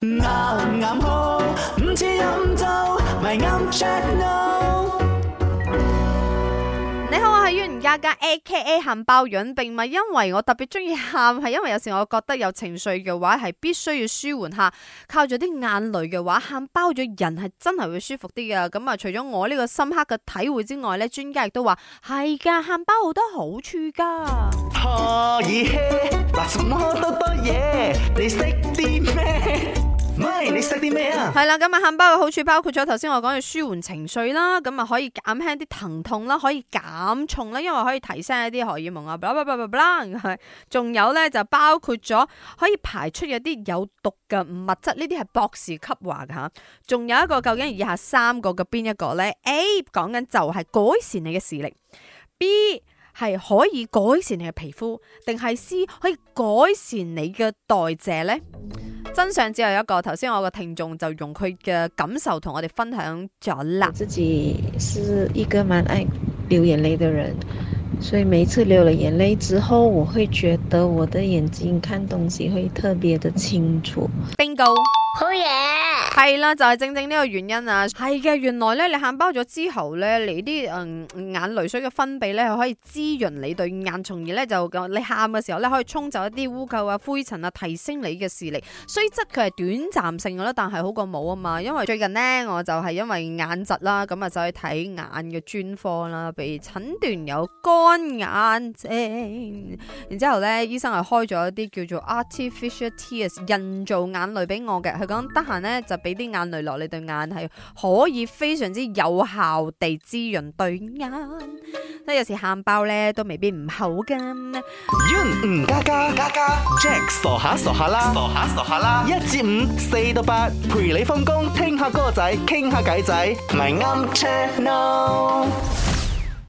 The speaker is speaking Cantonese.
嗯嗯嗯、好，你好，我係冤家家，A K A 喊包軟，並唔係因為我特別中意喊，係因為有時我覺得有情緒嘅話，係必須要舒緩下，靠住啲眼淚嘅話，喊包咗人係真係會舒服啲噶。咁啊，除咗我呢個深刻嘅體會之外呢，專家亦都話係噶，喊包好多好處噶。 係啦，咁啊，喊包嘅好處包括咗頭先我講嘅舒緩情緒啦，咁啊可以減輕啲疼痛啦，可以減重啦，因為可以提升一啲荷爾蒙啊，blah blah blah blah blah 係，仲有咧就包括咗可以排出一啲有毒嘅物質，呢啲係博士級話㗎。吓。仲有一個究竟以下三個嘅邊一個咧？A 講緊就係改善你嘅視力，B 係可以改善你嘅皮膚，定係 C 可以改善你嘅代謝咧？真相只有一個。頭先我的聽眾就用佢嘅感受同我哋分享咗啦。自己是一個蠻愛流眼淚的人，所以每一次流了眼淚之後，我會覺得我的眼睛看東西會特別的清楚。bingo 好嘢、啊，係啦，就係、是、正正呢個原因啊，係嘅，原來呢你喊包咗之後呢你啲嗯眼淚水嘅分泌呢，係可以滋潤你對眼，從而呢，就你喊嘅時候呢，可以沖走一啲污垢啊、灰塵啊，提升你嘅視力。雖則佢係短暫性嘅啦，但係好過冇啊嘛。因為最近呢，我就係因為眼疾啦，咁啊就去睇眼嘅專科啦，被診斷有乾眼症，然之後呢醫生係開咗一啲叫做 artificial tears 人造眼淚俾我嘅。佢講得閒咧，他就俾啲眼淚落你對眼，係可以非常之有效地滋潤對眼。即係有時喊爆咧，都未必唔好㗎。Jack 傻下傻下啦，傻下傻下啦。一至五，四到八，陪你放工，聽下歌仔，傾下偈仔，咪啱